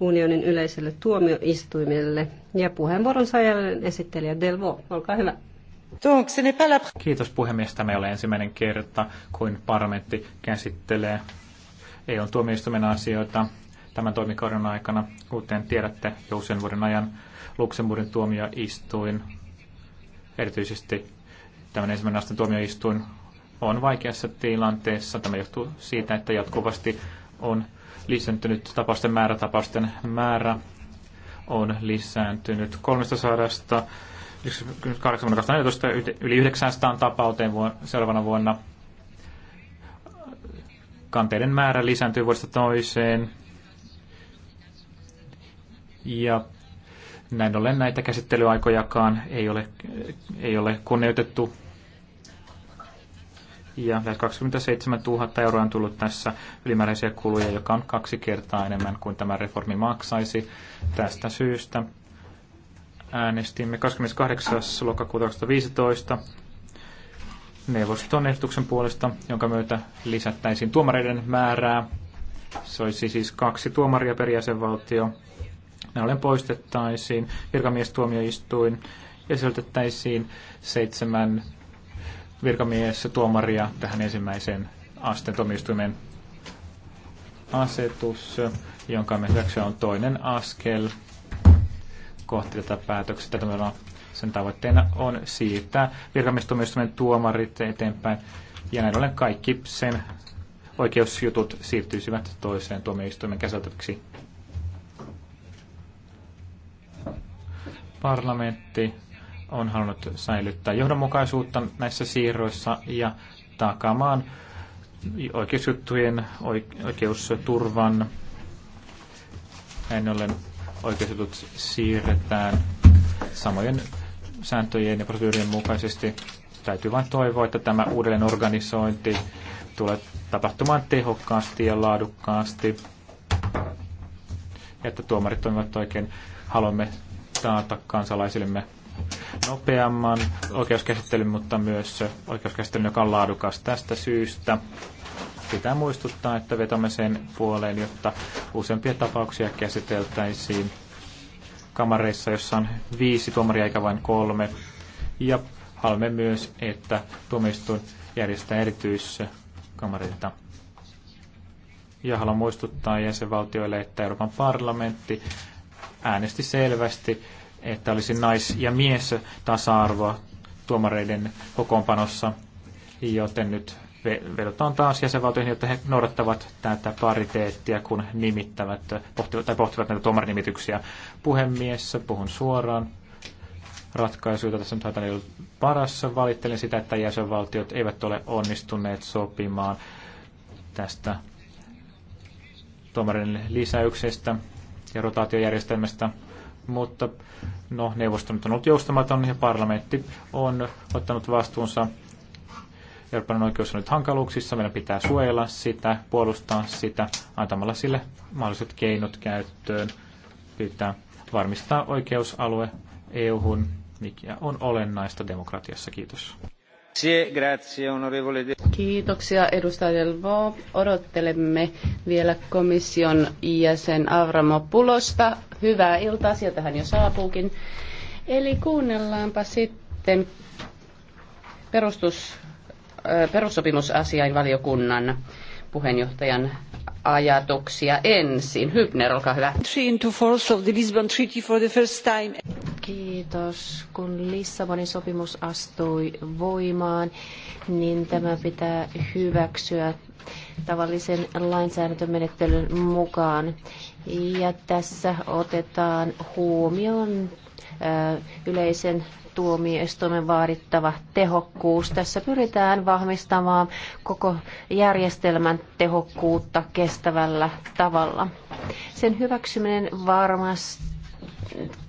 unionin yleiselle tuomioistuimelle. Ja puheenvuoron saa jälleen esittelijä Delvo. Olkaa hyvä. Kiitos puhemies. Tämä ei ole ensimmäinen kerta, kun parlamentti käsittelee eu tuomioistuimen asioita tämän toimikauden aikana. Kuten tiedätte, jo usein vuoden ajan Luxemburgin tuomioistuin, erityisesti tämän ensimmäinen asteen tuomioistuin, on vaikeassa tilanteessa. Tämä johtuu siitä, että jatkuvasti on lisääntynyt tapausten määrä. Tapausten määrä on lisääntynyt 300 18.14 yli 900 tapauteen seuraavana vuonna. Kanteiden määrä lisääntyy vuodesta toiseen. Ja näin ollen näitä käsittelyaikojakaan ei ole, ei ole kunnioitettu ja lähes 27 000 euroa on tullut tässä ylimääräisiä kuluja, joka on kaksi kertaa enemmän kuin tämä reformi maksaisi. Tästä syystä äänestimme 28. lokakuuta 2015 neuvoston ehdotuksen puolesta, jonka myötä lisättäisiin tuomareiden määrää. Se olisi siis kaksi tuomaria per jäsenvaltio. Ne olen poistettaisiin virkamiestuomioistuin ja sisältettäisiin seitsemän virkamies tuomaria tähän ensimmäiseen asteen tuomioistuimen asetus, jonka me hyväksyä on toinen askel kohti tätä päätöksestä. Tämä sen tavoitteena on siirtää virkamiestuomioistuimen tuomarit eteenpäin ja näin ollen kaikki sen oikeusjutut siirtyisivät toiseen tuomioistuimen käsiteltäväksi. Parlamentti on halunnut säilyttää johdonmukaisuutta näissä siirroissa ja takaamaan oikeusjuttujen oikeusturvan. Näin ollen oikeusjutut siirretään samojen sääntöjen ja proseduurien mukaisesti. Täytyy vain toivoa, että tämä uudelleen organisointi tulee tapahtumaan tehokkaasti ja laadukkaasti. Ja että tuomarit toimivat oikein. Haluamme taata kansalaisillemme nopeamman oikeuskäsittelyn, mutta myös oikeuskäsittelyn, joka on laadukas tästä syystä. Pitää muistuttaa, että vetämme sen puoleen, jotta useampia tapauksia käsiteltäisiin kamareissa, jossa on viisi tuomaria eikä vain kolme. Ja haluamme myös, että tuomioistuin järjestää erityiskamareita. Ja haluan muistuttaa jäsenvaltioille, että Euroopan parlamentti äänesti selvästi että olisi nais- ja mies tasa-arvoa tuomareiden kokoonpanossa, joten nyt vedotaan taas jäsenvaltioihin, että he noudattavat tätä pariteettia, kun nimittävät, pohtivat, tai pohtivat näitä tuomarinimityksiä. Puhemies, puhun suoraan ratkaisuja. Tässä nyt on ei parassa. Valittelen sitä, että jäsenvaltiot eivät ole onnistuneet sopimaan tästä tuomarin lisäyksestä ja rotaatiojärjestelmästä mutta no, neuvosto on ollut joustamaton ja parlamentti on ottanut vastuunsa. Euroopan oikeus on nyt hankaluuksissa, meidän pitää suojella sitä, puolustaa sitä, antamalla sille mahdolliset keinot käyttöön, pitää varmistaa oikeusalue EU-hun, mikä on olennaista demokratiassa. Kiitos. Kiitoksia edustaja Delvaux. Odottelemme vielä komission jäsen Avramopulosta. Hyvää iltaa, sieltä hän jo saapuukin. Eli kuunnellaanpa sitten perustus, äh, valiokunnan puheenjohtajan ajatuksia ensin. Hybner, olkaa hyvä. Kiitos. Kun Lissabonin sopimus astui voimaan, niin tämä pitää hyväksyä tavallisen lainsäädäntömenettelyn mukaan. Ja tässä otetaan huomioon äh, yleisen tuomioistuimen vaadittava tehokkuus. Tässä pyritään vahvistamaan koko järjestelmän tehokkuutta kestävällä tavalla. Sen hyväksyminen varmasti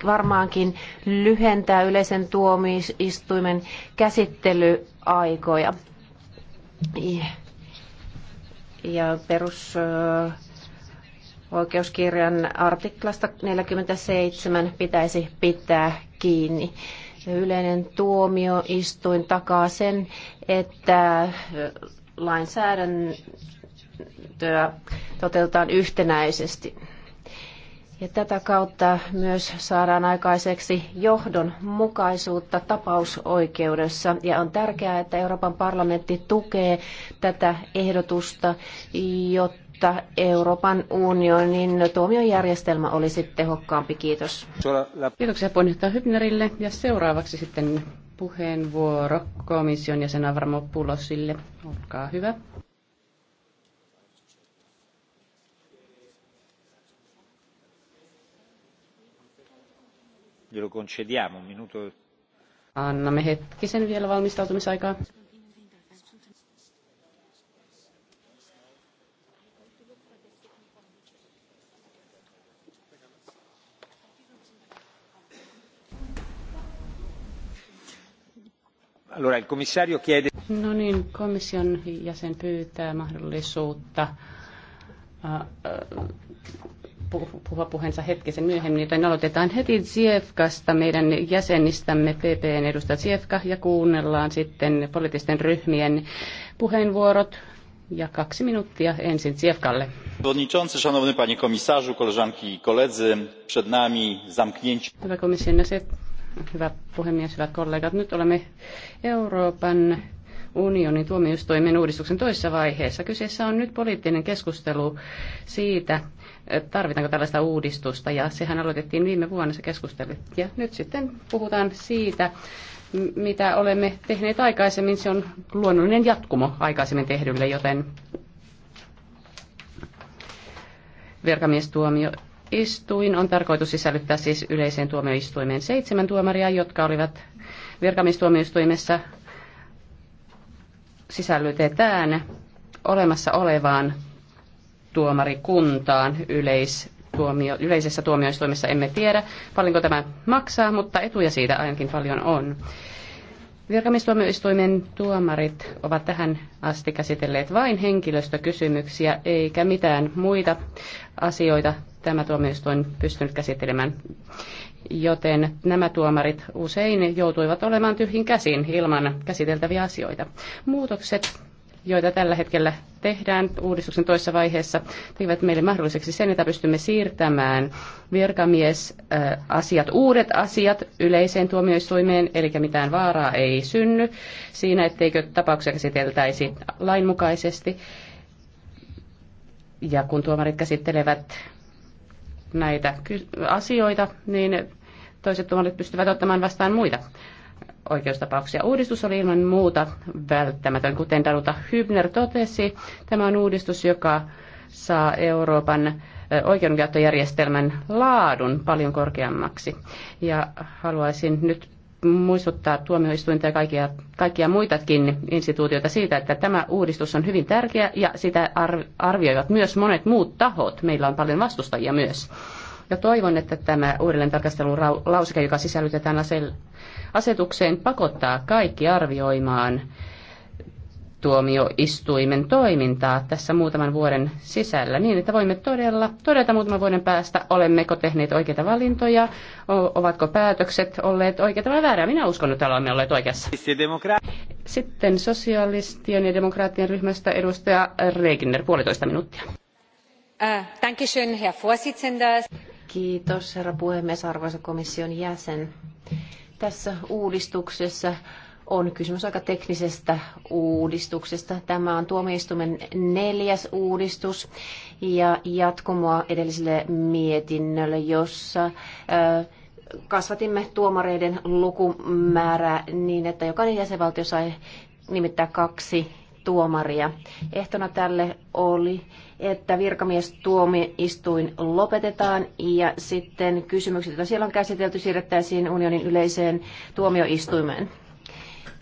varmaankin lyhentää yleisen tuomioistuimen käsittelyaikoja. Ja perusoikeuskirjan artiklasta 47 pitäisi pitää kiinni. Yleinen tuomioistuin takaa sen, että lainsäädäntöä toteutetaan yhtenäisesti. Ja tätä kautta myös saadaan aikaiseksi johdonmukaisuutta tapausoikeudessa. Ja on tärkeää, että Euroopan parlamentti tukee tätä ehdotusta, jotta Euroopan unionin tuomiojärjestelmä olisi tehokkaampi. Kiitos. Kiitoksia puheenjohtaja Hybnerille. Ja seuraavaksi sitten puheenvuoro komission jäsen Avramopulosille. Olkaa hyvä. glielo concediamo un minuto. Annamme hetkisen vielä valmistautumisaikaa. No niin, komission jäsen pyytää mahdollisuutta äh, äh, puhua puheensa hetkisen myöhemmin, joten aloitetaan heti Ziefkasta, meidän jäsenistämme PPn edustaja Ziefka, ja kuunnellaan sitten poliittisten ryhmien puheenvuorot. Ja kaksi minuuttia ensin Ziefkalle. Przewodniczący, szanowny panie komisarzu, koleżanki i koledzy, przed nami zamknięcie. Hyvä komission jäsen, hyvä puhemies, hyvät kollegat, nyt olemme Euroopan unionin tuomioistuimen uudistuksen toisessa vaiheessa. Kyseessä on nyt poliittinen keskustelu siitä, tarvitaanko tällaista uudistusta, ja sehän aloitettiin viime vuonna se keskustelu. Ja nyt sitten puhutaan siitä, mitä olemme tehneet aikaisemmin. Se on luonnollinen jatkumo aikaisemmin tehdylle, joten virkamiestuomio istuin on tarkoitus sisällyttää siis yleiseen tuomioistuimeen seitsemän tuomaria, jotka olivat virkamistuomioistuimessa sisällytetään olemassa olevaan tuomarikuntaan Tuomio, yleisessä tuomioistuimessa. Emme tiedä, paljonko tämä maksaa, mutta etuja siitä ainakin paljon on. Virkamistuomioistuimen tuomarit ovat tähän asti käsitelleet vain henkilöstökysymyksiä eikä mitään muita asioita tämä tuomioistuin pystynyt käsittelemään joten nämä tuomarit usein joutuivat olemaan tyhjin käsin ilman käsiteltäviä asioita. Muutokset joita tällä hetkellä tehdään uudistuksen toisessa vaiheessa, tekevät meille mahdolliseksi sen, että pystymme siirtämään virkamiesasiat, uudet asiat yleiseen tuomioistuimeen, eli mitään vaaraa ei synny siinä, etteikö tapauksia käsiteltäisi lainmukaisesti. Ja kun tuomarit käsittelevät näitä asioita, niin toiset tuomarit pystyvät ottamaan vastaan muita oikeustapauksia. Uudistus oli ilman muuta välttämätön. Kuten Daruta Hübner totesi, tämä on uudistus, joka saa Euroopan oikeudenkäyttöjärjestelmän laadun paljon korkeammaksi. Ja haluaisin nyt muistuttaa tuomioistuinta ja kaikkia, kaikkia muitakin instituutioita siitä, että tämä uudistus on hyvin tärkeä ja sitä arvioivat myös monet muut tahot. Meillä on paljon vastustajia myös. Ja toivon, että tämä uudelleentarkastelun lauseke, joka sisällytetään asetukseen, pakottaa kaikki arvioimaan tuomioistuimen toimintaa tässä muutaman vuoden sisällä niin, että voimme todella todeta muutaman vuoden päästä, olemmeko tehneet oikeita valintoja, ovatko päätökset olleet oikeita vai väärää. Minä uskon, että olemme olleet oikeassa. Sitten sosialistien ja demokraattien ryhmästä edustaja Regner, puolitoista minuuttia. Kiitos, herra puhemies, arvoisa komission jäsen. Tässä uudistuksessa on kysymys aika teknisestä uudistuksesta. Tämä on tuomioistuimen neljäs uudistus ja jatkumoa edelliselle mietinnölle, jossa kasvatimme tuomareiden lukumäärää niin, että jokainen jäsenvaltio sai nimittää kaksi tuomaria. Ehtona tälle oli, että virkamiestuomioistuin lopetetaan ja sitten kysymykset, joita siellä on käsitelty, siirrettäisiin unionin yleiseen tuomioistuimeen.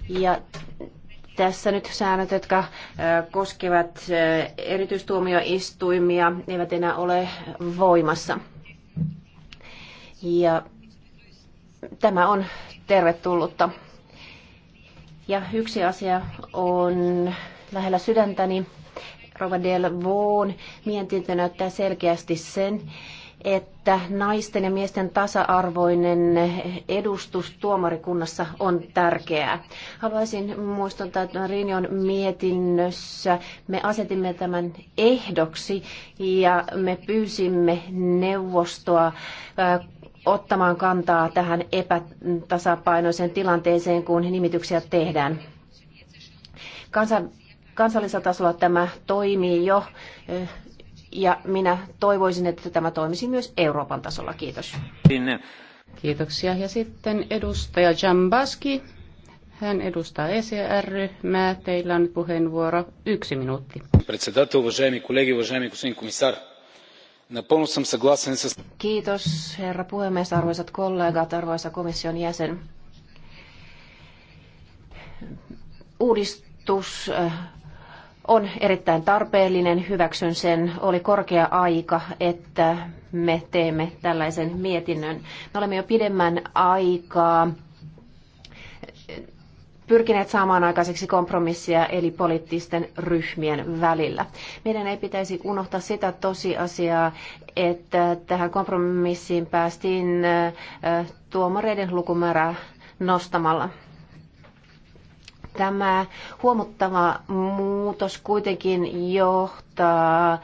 Ja tässä nyt säännöt, jotka koskevat erityistuomioistuimia, eivät enää ole voimassa. Ja tämä on tervetullutta. Ja yksi asia on lähellä sydäntäni. Rova Del Voon mietintö näyttää selkeästi sen, että naisten ja miesten tasa-arvoinen edustus tuomarikunnassa on tärkeää. Haluaisin muistuttaa, että Rinjon mietinnössä me asetimme tämän ehdoksi ja me pyysimme neuvostoa ottamaan kantaa tähän epätasapainoiseen tilanteeseen, kun nimityksiä tehdään. Kansan, kansallisella tasolla tämä toimii jo ja minä toivoisin, että tämä toimisi myös Euroopan tasolla. Kiitos. Kiitoksia. Ja sitten edustaja Jambaski. Hän edustaa ECR-ryhmää. Teillä on puheenvuoro yksi minuutti. Kiitos, herra puhemies, arvoisat kollegat, arvoisa komission jäsen. Uudistus on erittäin tarpeellinen, hyväksyn sen. Oli korkea aika, että me teemme tällaisen mietinnön. Me olemme jo pidemmän aikaa pyrkineet saamaan aikaiseksi kompromissia eli poliittisten ryhmien välillä. Meidän ei pitäisi unohtaa sitä tosiasiaa, että tähän kompromissiin päästiin äh, tuomareiden lukumäärää nostamalla. Tämä huomattava muutos kuitenkin johtaa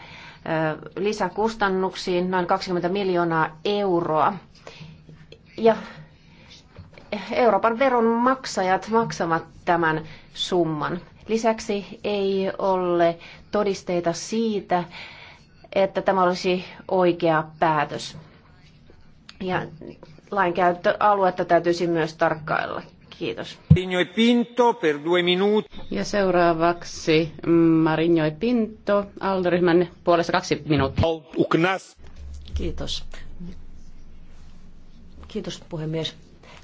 lisäkustannuksiin noin 20 miljoonaa euroa. Ja Euroopan veronmaksajat maksavat tämän summan. Lisäksi ei ole todisteita siitä, että tämä olisi oikea päätös. Ja lainkäyttöaluetta täytyisi myös tarkkailla. Kiitos. E Pinto per due minuut. Ja seuraavaksi Marinjoi e Pinto, alderyhmän puolesta kaksi minuuttia. Kiitos. Kiitos puhemies.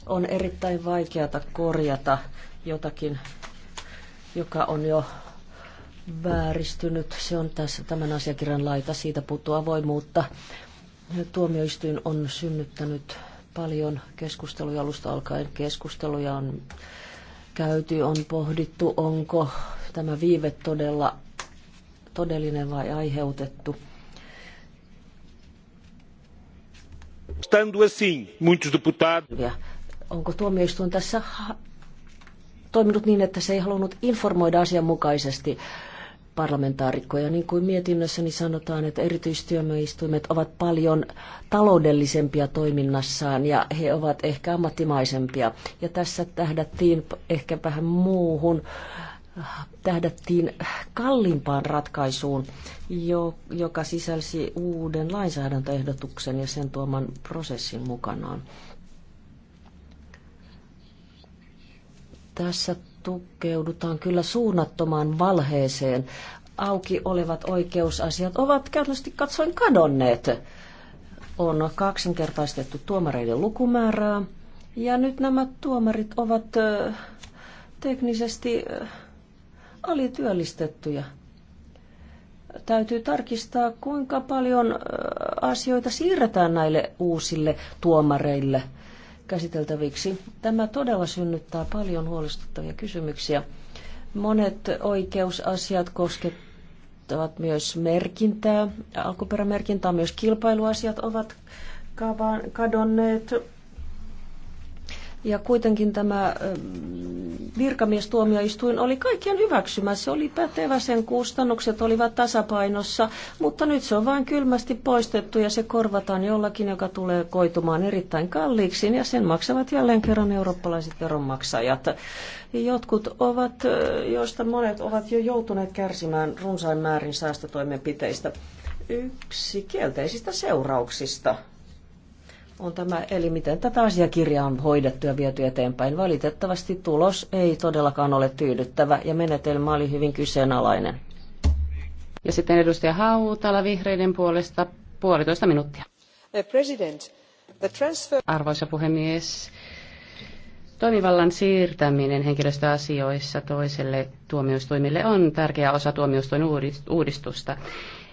On erittäin vaikeata korjata jotakin, joka on jo vääristynyt. Se on tässä tämän asiakirjan laita, siitä puuttuu avoimuutta. Tuomioistuin on synnyttänyt paljon keskusteluja alusta alkaen. Keskusteluja on käyty, on pohdittu, onko tämä viive todella todellinen vai aiheutettu. Estando assim, muitos deputados... Onko tuomioistuin tässä toiminut niin, että se ei halunnut informoida asianmukaisesti parlamentaarikkoja. Niin kuin mietinnössäni sanotaan, että erityistyömöistuimet ovat paljon taloudellisempia toiminnassaan ja he ovat ehkä ammattimaisempia. Ja tässä tähdättiin ehkä vähän muuhun tähdättiin kalliimpaan ratkaisuun, joka sisälsi uuden lainsäädäntöehdotuksen ja sen tuoman prosessin mukanaan. Tässä tukeudutaan kyllä suunnattomaan valheeseen. Auki olevat oikeusasiat ovat käytännössä katsoen kadonneet. On kaksinkertaistettu tuomareiden lukumäärää ja nyt nämä tuomarit ovat teknisesti alityöllistettyjä täytyy tarkistaa, kuinka paljon asioita siirretään näille uusille tuomareille käsiteltäviksi. Tämä todella synnyttää paljon huolestuttavia kysymyksiä. Monet oikeusasiat koskettavat myös merkintää, alkuperämerkintää, myös kilpailuasiat ovat kadonneet ja kuitenkin tämä ähm, virkamiestuomioistuin oli kaikkien hyväksymä. Se oli pätevä, sen kustannukset olivat tasapainossa, mutta nyt se on vain kylmästi poistettu ja se korvataan jollakin, joka tulee koitumaan erittäin kalliiksi ja sen maksavat jälleen kerran eurooppalaiset veronmaksajat. Jotkut ovat, äh, joista monet ovat jo joutuneet kärsimään runsain määrin säästötoimenpiteistä yksi kielteisistä seurauksista on tämä, eli miten tätä asiakirjaa on hoidettu ja viety eteenpäin. Valitettavasti tulos ei todellakaan ole tyydyttävä ja menetelmä oli hyvin kyseenalainen. Ja sitten edustaja Hautala vihreiden puolesta puolitoista minuuttia. Eh, transfer... Arvoisa puhemies, Toimivallan siirtäminen henkilöstöasioissa toiselle tuomioistuimille on tärkeä osa tuomioistuin uudistusta.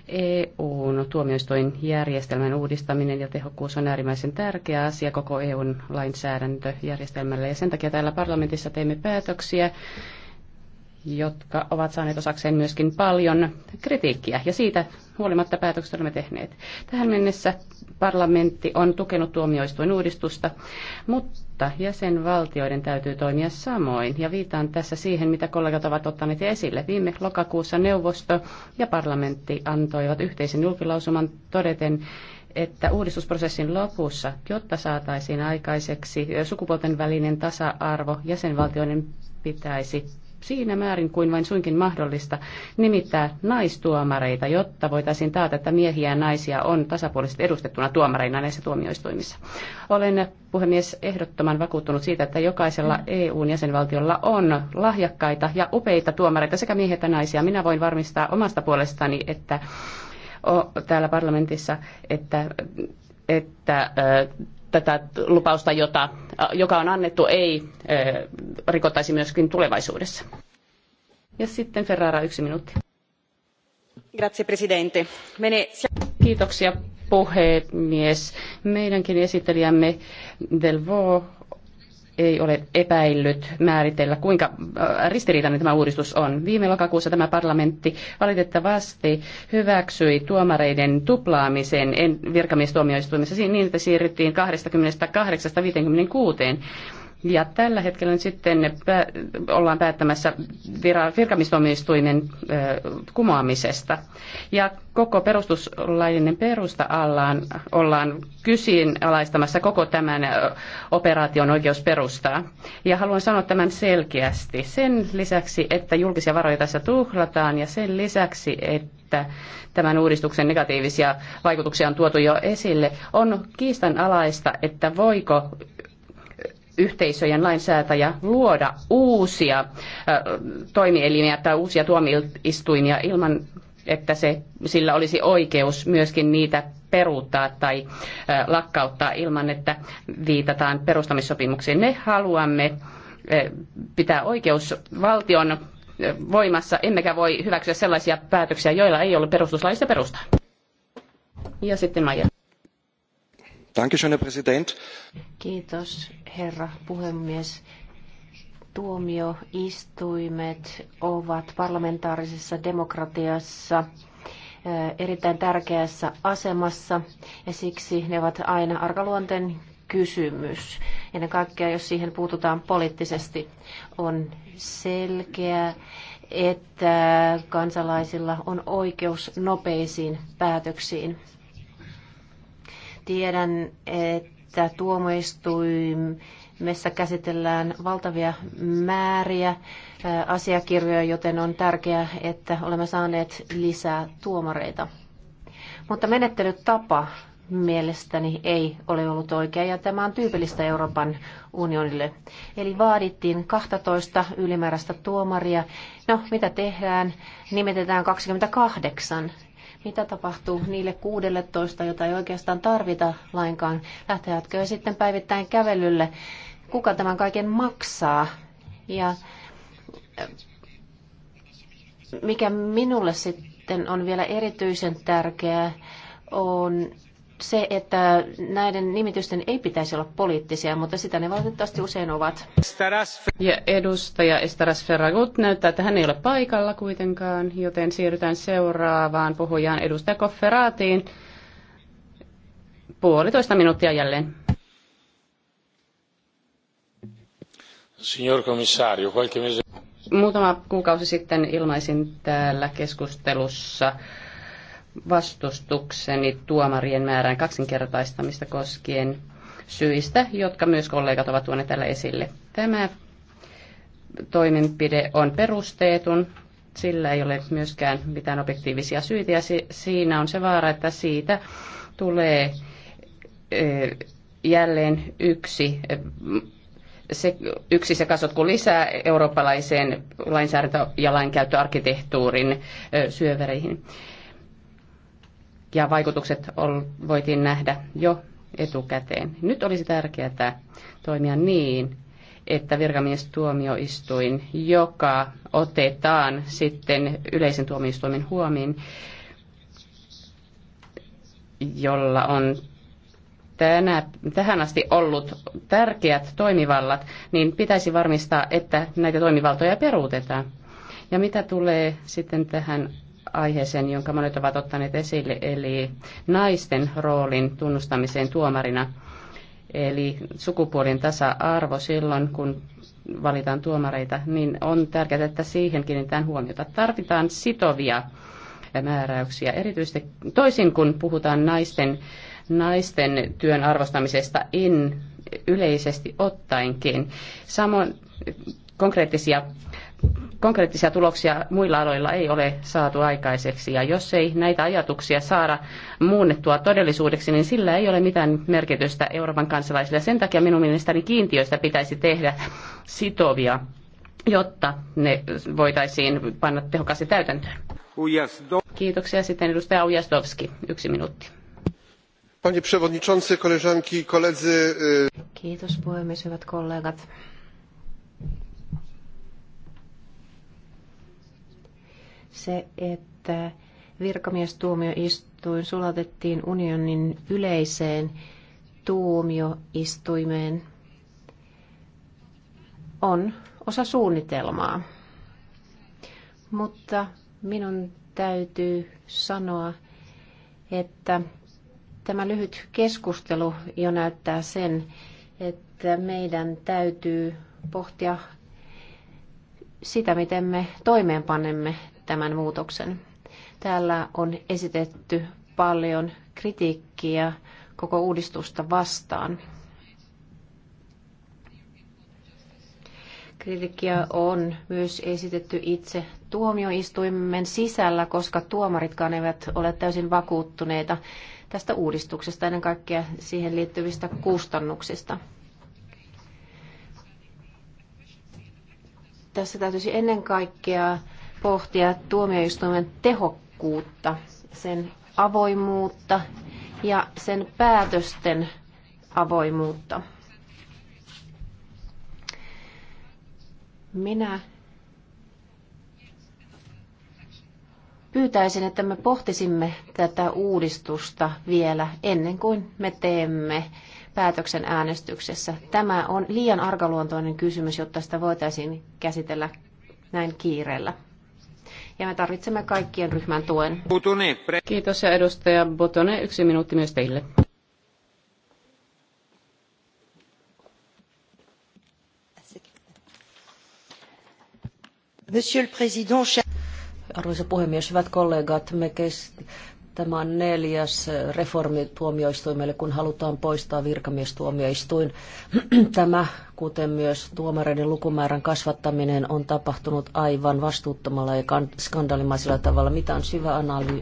EUn tuomioistuinjärjestelmän uudistaminen ja tehokkuus on äärimmäisen tärkeä asia koko EUn lainsäädäntöjärjestelmälle. Ja sen takia täällä parlamentissa teimme päätöksiä, jotka ovat saaneet osakseen myöskin paljon kritiikkiä. Ja siitä huolimatta päätökset olemme tehneet. Tähän mennessä parlamentti on tukenut tuomioistuin uudistusta, mutta mutta jäsenvaltioiden täytyy toimia samoin. Ja viitaan tässä siihen, mitä kollegat ovat ottaneet esille. Viime lokakuussa neuvosto ja parlamentti antoivat yhteisen julkilausuman todeten, että uudistusprosessin lopussa, jotta saataisiin aikaiseksi sukupuolten välinen tasa-arvo, jäsenvaltioiden pitäisi siinä määrin kuin vain suinkin mahdollista nimittää naistuomareita, jotta voitaisiin taata, että miehiä ja naisia on tasapuolisesti edustettuna tuomareina näissä tuomioistuimissa. Olen puhemies ehdottoman vakuuttunut siitä, että jokaisella EUn jäsenvaltiolla on lahjakkaita ja upeita tuomareita sekä miehiä että naisia. Minä voin varmistaa omasta puolestani, että täällä parlamentissa, että, että tätä lupausta, jota, joka on annettu, ei rikottaisi myöskin tulevaisuudessa. Ja sitten Ferrara, yksi minuutti. Grazie, presidente. Mene... Kiitoksia, puhemies. Meidänkin esittelijämme Delvo ei ole epäillyt määritellä, kuinka äh, ristiriitainen tämä uudistus on. Viime lokakuussa tämä parlamentti valitettavasti hyväksyi tuomareiden tuplaamisen virkamiestuomioistuimessa niin, että siirryttiin 28-56 ja tällä hetkellä nyt sitten ollaan päättämässä vira- virkamistuomioistuimen kumoamisesta. Ja koko perustuslaillinen perusta allaan, ollaan alaistamassa koko tämän operaation oikeusperustaa. Ja haluan sanoa tämän selkeästi. Sen lisäksi, että julkisia varoja tässä tuhlataan ja sen lisäksi, että tämän uudistuksen negatiivisia vaikutuksia on tuotu jo esille, on kiistanalaista, että voiko yhteisöjen lainsäätäjä luoda uusia toimielimiä tai uusia tuomioistuimia ilman, että se, sillä olisi oikeus myöskin niitä peruuttaa tai lakkauttaa ilman, että viitataan perustamissopimukseen. Me haluamme pitää oikeusvaltion voimassa, emmekä voi hyväksyä sellaisia päätöksiä, joilla ei ole perustuslaista perustaa. Ja sitten Maija. Kiitos, herra puhemies. Tuomioistuimet ovat parlamentaarisessa demokratiassa eh, erittäin tärkeässä asemassa ja siksi ne ovat aina arkaluonten kysymys. Ennen kaikkea, jos siihen puututaan poliittisesti, on selkeää, että kansalaisilla on oikeus nopeisiin päätöksiin. Tiedän, että tuomioistuimessa käsitellään valtavia määriä asiakirjoja, joten on tärkeää, että olemme saaneet lisää tuomareita. Mutta menettelytapa mielestäni ei ole ollut oikea ja tämä on tyypillistä Euroopan unionille. Eli vaadittiin 12 ylimääräistä tuomaria. No, mitä tehdään? Nimetetään 28 mitä tapahtuu niille 16, jota ei oikeastaan tarvita lainkaan? Lähtevätkö sitten päivittäin kävelylle? Kuka tämän kaiken maksaa? Ja mikä minulle sitten on vielä erityisen tärkeää, on se, että näiden nimitysten ei pitäisi olla poliittisia, mutta sitä ne valitettavasti usein ovat. Ja edustaja Estaras Ferragut näyttää, että hän ei ole paikalla kuitenkaan, joten siirrytään seuraavaan puhujaan edustaja Kofferaatiin. Puolitoista minuuttia jälleen. Signor commissario, qualche mese... Muutama kuukausi sitten ilmaisin täällä keskustelussa vastustukseni tuomarien määrän kaksinkertaistamista koskien syistä, jotka myös kollegat ovat tuoneet täällä esille. Tämä toimenpide on perusteetun, sillä ei ole myöskään mitään objektiivisia syitä ja siinä on se vaara, että siitä tulee jälleen yksi se, yksi se kasvot, lisää eurooppalaiseen lainsäädäntö- ja lainkäyttöarkkitehtuurin syövereihin ja vaikutukset ol, voitiin nähdä jo etukäteen. Nyt olisi tärkeää toimia niin, että virkamiestuomioistuin, joka otetaan sitten yleisen tuomioistuimen huomiin, jolla on tänä, tähän asti ollut tärkeät toimivallat, niin pitäisi varmistaa, että näitä toimivaltoja peruutetaan. Ja mitä tulee sitten tähän aiheeseen, jonka monet ovat ottaneet esille, eli naisten roolin tunnustamiseen tuomarina. Eli sukupuolin tasa-arvo silloin, kun valitaan tuomareita, niin on tärkeää, että siihen kiinnitetään huomiota. Tarvitaan sitovia määräyksiä, erityisesti toisin kuin puhutaan naisten, naisten työn arvostamisesta in yleisesti ottaenkin. Samoin konkreettisia konkreettisia tuloksia muilla aloilla ei ole saatu aikaiseksi. Ja jos ei näitä ajatuksia saada muunnettua todellisuudeksi, niin sillä ei ole mitään merkitystä Euroopan kansalaisille. Sen takia minun mielestäni kiintiöistä pitäisi tehdä sitovia, jotta ne voitaisiin panna tehokkaasti täytäntöön. Kiitoksia. Sitten edustaja Ujasdowski. Yksi minuutti. Panie przewodniczący, koleżanki koledzy. Kiitos puhemies, hyvät kollegat. se, että virkamiestuomioistuin sulatettiin unionin yleiseen tuomioistuimeen, on osa suunnitelmaa. Mutta minun täytyy sanoa, että tämä lyhyt keskustelu jo näyttää sen, että meidän täytyy pohtia sitä, miten me toimeenpanemme tämän muutoksen. Täällä on esitetty paljon kritiikkiä koko uudistusta vastaan. Kritiikkiä on myös esitetty itse tuomioistuimen sisällä, koska tuomaritkaan eivät ole täysin vakuuttuneita tästä uudistuksesta, ennen kaikkea siihen liittyvistä kustannuksista. Tässä täytyisi ennen kaikkea pohtia tuomioistuimen tehokkuutta, sen avoimuutta ja sen päätösten avoimuutta. Minä pyytäisin, että me pohtisimme tätä uudistusta vielä ennen kuin me teemme päätöksen äänestyksessä. Tämä on liian arkaluontoinen kysymys, jotta sitä voitaisiin käsitellä näin kiireellä ja me tarvitsemme kaikkien ryhmän tuen. Kiitos ja edustaja Botone, yksi minuutti myös teille. Monsieur le Président, Arvoisa puhemies, hyvät kollegat, me kes... tämä on neljäs reformi tuomioistuimelle, kun halutaan poistaa virkamiestuomioistuin. Tämä kuten myös tuomareiden lukumäärän kasvattaminen on tapahtunut aivan vastuuttomalla ja skandalimaisella tavalla. Mitään syvä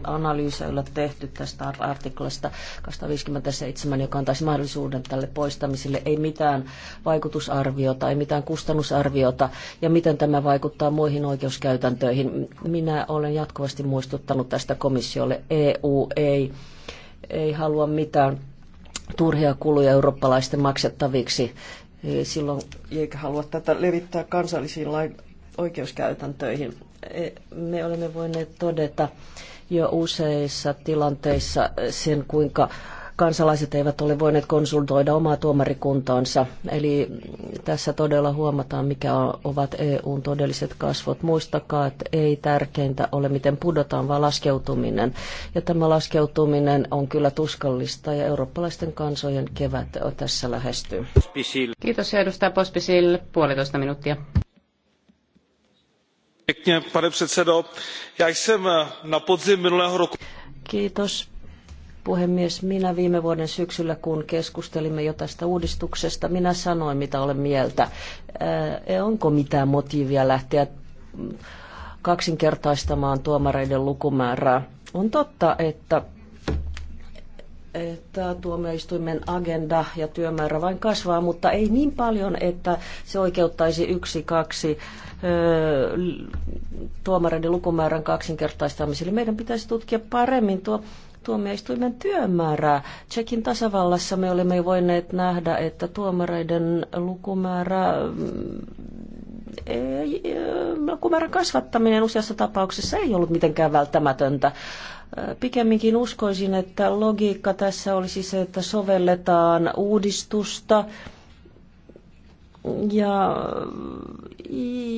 analyysi tehty tästä artiklasta 257, joka antaisi mahdollisuuden tälle poistamiselle. Ei mitään vaikutusarviota, ei mitään kustannusarviota ja miten tämä vaikuttaa muihin oikeuskäytäntöihin. Minä olen jatkuvasti muistuttanut tästä komissiolle. EU ei, ei halua mitään turhia kuluja eurooppalaisten maksettaviksi silloin eikä halua tätä levittää kansallisiin lain oikeuskäytäntöihin. E, me olemme voineet todeta jo useissa tilanteissa sen, kuinka kansalaiset eivät ole voineet konsultoida omaa tuomarikuntaansa. Eli tässä todella huomataan, mikä ovat EUn todelliset kasvot. Muistakaa, että ei tärkeintä ole, miten pudotaan, vaan laskeutuminen. Ja tämä laskeutuminen on kyllä tuskallista ja eurooppalaisten kansojen kevät tässä lähestyy. Kiitos edustaja Pospisil, puolitoista minuuttia pane já jsem na podzim minulého roku puhemies. Minä viime vuoden syksyllä, kun keskustelimme jo tästä uudistuksesta, minä sanoin, mitä olen mieltä. Ää, e, onko mitään motiivia lähteä kaksinkertaistamaan tuomareiden lukumäärää? On totta, että että tuomioistuimen agenda ja työmäärä vain kasvaa, mutta ei niin paljon, että se oikeuttaisi yksi, kaksi tuomareiden lukumäärän kaksinkertaistamiselle. Meidän pitäisi tutkia paremmin tuo tuomioistuimen työmäärää. Tsekin tasavallassa me olemme voineet nähdä, että tuomareiden lukumäärä mm, ei, lukumäärän kasvattaminen useassa tapauksessa ei ollut mitenkään välttämätöntä. Pikemminkin uskoisin, että logiikka tässä olisi se, että sovelletaan uudistusta, ja mm,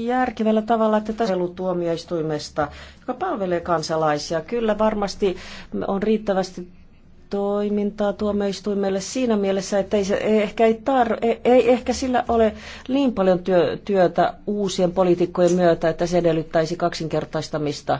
järkevällä tavalla, että tuomioistuimesta, joka palvelee kansalaisia. Kyllä varmasti on riittävästi toimintaa tuomioistuimelle siinä mielessä, että ei se, ehkä, ei tar, ei, ei, ehkä sillä ole niin paljon työ, työtä uusien poliitikkojen myötä, että se edellyttäisi kaksinkertaistamista.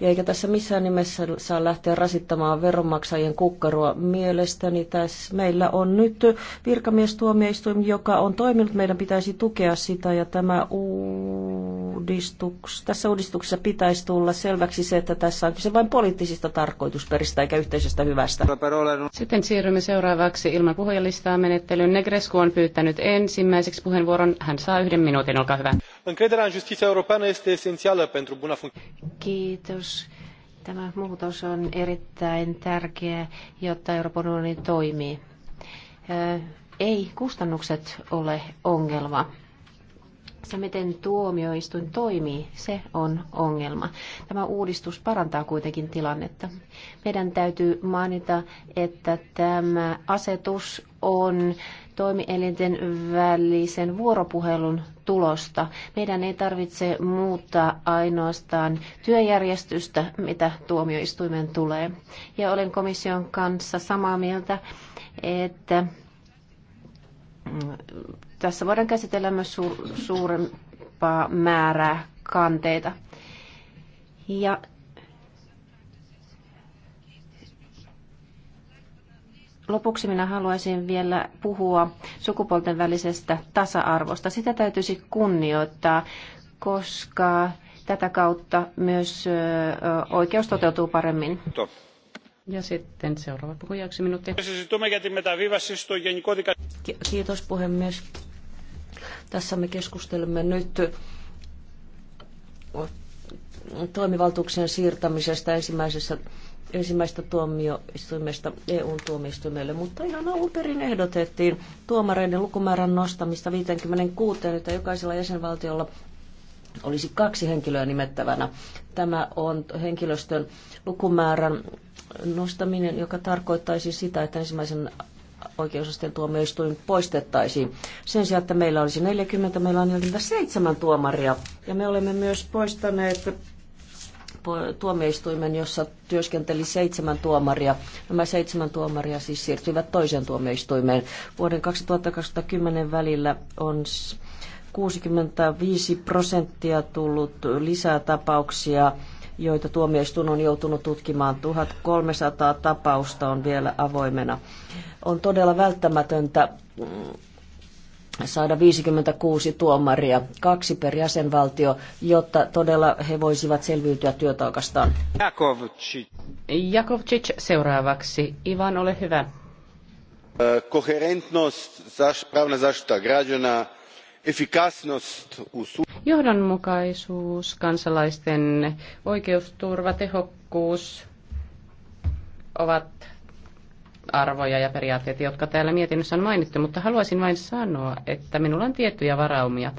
Ja eikä tässä missään nimessä saa lähteä rasittamaan veronmaksajien kukkarua Mielestäni tässä meillä on nyt virkamiestuomioistuin, joka on toiminut. Meidän pitäisi tukea sitä ja tämä uudistuks, tässä uudistuksessa pitäisi tulla selväksi se, että tässä on kyse vain poliittisista tarkoitusperistä eikä yhteisestä hyvästä. Sitten siirrymme seuraavaksi ilman puhujalistaa menettelyyn. Negrescu on pyytänyt ensimmäiseksi puheenvuoron. Hän saa yhden minuutin, olkaa hyvä. Kiitos. Tämä muutos on erittäin tärkeä, jotta Euroopan unioni toimii. Ei kustannukset ole ongelma se, miten tuomioistuin toimii, se on ongelma. Tämä uudistus parantaa kuitenkin tilannetta. Meidän täytyy mainita, että tämä asetus on toimielinten välisen vuoropuhelun tulosta. Meidän ei tarvitse muuttaa ainoastaan työjärjestystä, mitä tuomioistuimen tulee. Ja olen komission kanssa samaa mieltä, että tässä voidaan käsitellä myös su- suurempaa määrää kanteita. Ja lopuksi minä haluaisin vielä puhua sukupuolten välisestä tasa-arvosta. Sitä täytyisi kunnioittaa, koska tätä kautta myös oikeus toteutuu paremmin. Ja sitten seuraava puhujaksi minuutti. Kiitos puhemies. Tässä me keskustelemme nyt toimivaltuuksien siirtämisestä ensimmäisessä ensimmäistä tuomioistuimesta eu tuomioistuimelle, mutta ihan alun perin ehdotettiin tuomareiden lukumäärän nostamista 56, että jokaisella jäsenvaltiolla olisi kaksi henkilöä nimettävänä. Tämä on henkilöstön lukumäärän nostaminen, joka tarkoittaisi sitä, että ensimmäisen oikeusasteen tuomioistuin poistettaisiin. Sen sijaan, että meillä olisi 40, meillä on 47 tuomaria. Ja me olemme myös poistaneet tuomioistuimen, jossa työskenteli seitsemän tuomaria. Nämä seitsemän tuomaria siis siirtyivät toiseen tuomioistuimeen. Vuoden 2020 välillä on 65 prosenttia tullut lisää tapauksia joita tuomioistuin on joutunut tutkimaan. 1300 tapausta on vielä avoimena. On todella välttämätöntä mm, saada 56 tuomaria, kaksi per jäsenvaltio, jotta todella he voisivat selviytyä työtaukastaan. Jakovcic. Jakovcic seuraavaksi. Ivan, ole hyvä. Eh, koherentnost, pravna zaštita građana, Johdonmukaisuus, kansalaisten oikeusturva, tehokkuus ovat arvoja ja periaatteita, jotka täällä mietinnössä on mainittu, mutta haluaisin vain sanoa, että minulla on tiettyjä varaumia.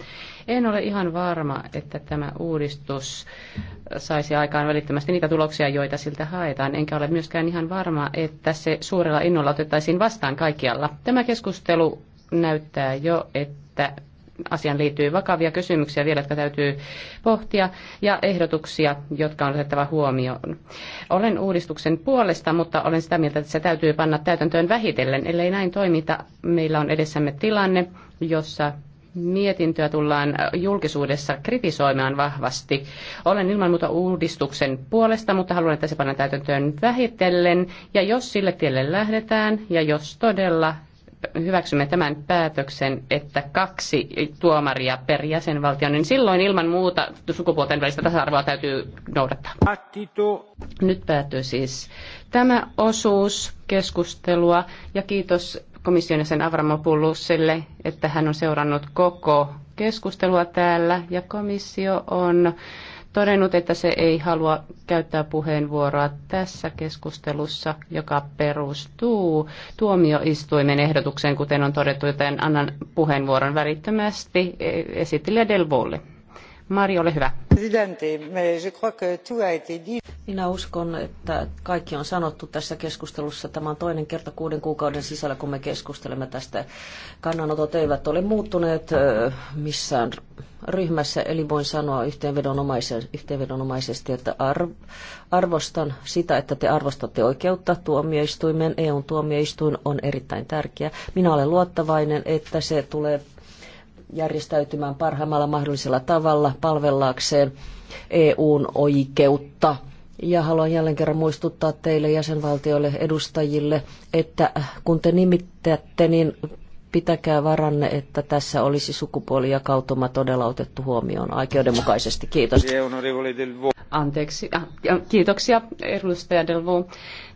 En ole ihan varma, että tämä uudistus saisi aikaan välittömästi niitä tuloksia, joita siltä haetaan, enkä ole myöskään ihan varma, että se suurella innolla otettaisiin vastaan kaikkialla. Tämä keskustelu näyttää jo, että Asian liittyy vakavia kysymyksiä vielä, jotka täytyy pohtia, ja ehdotuksia, jotka on otettava huomioon. Olen uudistuksen puolesta, mutta olen sitä mieltä, että se täytyy panna täytäntöön vähitellen. Ellei näin toimita, meillä on edessämme tilanne, jossa mietintöä tullaan julkisuudessa kritisoimaan vahvasti. Olen ilman muuta uudistuksen puolesta, mutta haluan, että se pannaan täytäntöön vähitellen. Ja jos sille tielle lähdetään, ja jos todella hyväksymme tämän päätöksen, että kaksi tuomaria per jäsenvaltio, niin silloin ilman muuta sukupuolten välistä tasa-arvoa täytyy noudattaa. Nyt päättyy siis tämä osuus keskustelua ja kiitos komission jäsen Avramopoulosille, että hän on seurannut koko keskustelua täällä ja komissio on todennut, että se ei halua käyttää puheenvuoroa tässä keskustelussa, joka perustuu tuomioistuimen ehdotukseen, kuten on todettu, joten annan puheenvuoron välittömästi esittelijä Delvolle. Mari, Minä uskon, että kaikki on sanottu tässä keskustelussa. Tämä on toinen kerta kuuden kuukauden sisällä, kun me keskustelemme tästä. Kannanotot eivät ole muuttuneet missään ryhmässä, eli voin sanoa yhteenvedonomaisesti, että arvostan sitä, että te arvostatte oikeutta tuomioistuimen. EUn tuomioistuin on erittäin tärkeä. Minä olen luottavainen, että se tulee järjestäytymään parhaimmalla mahdollisella tavalla palvellakseen EUn oikeutta. Ja haluan jälleen kerran muistuttaa teille jäsenvaltioille edustajille, että kun te nimittätte, niin pitäkää varanne, että tässä olisi sukupuolijakautuma todella otettu huomioon oikeudenmukaisesti. Kiitos. Anteeksi. Ah, kiitoksia edustaja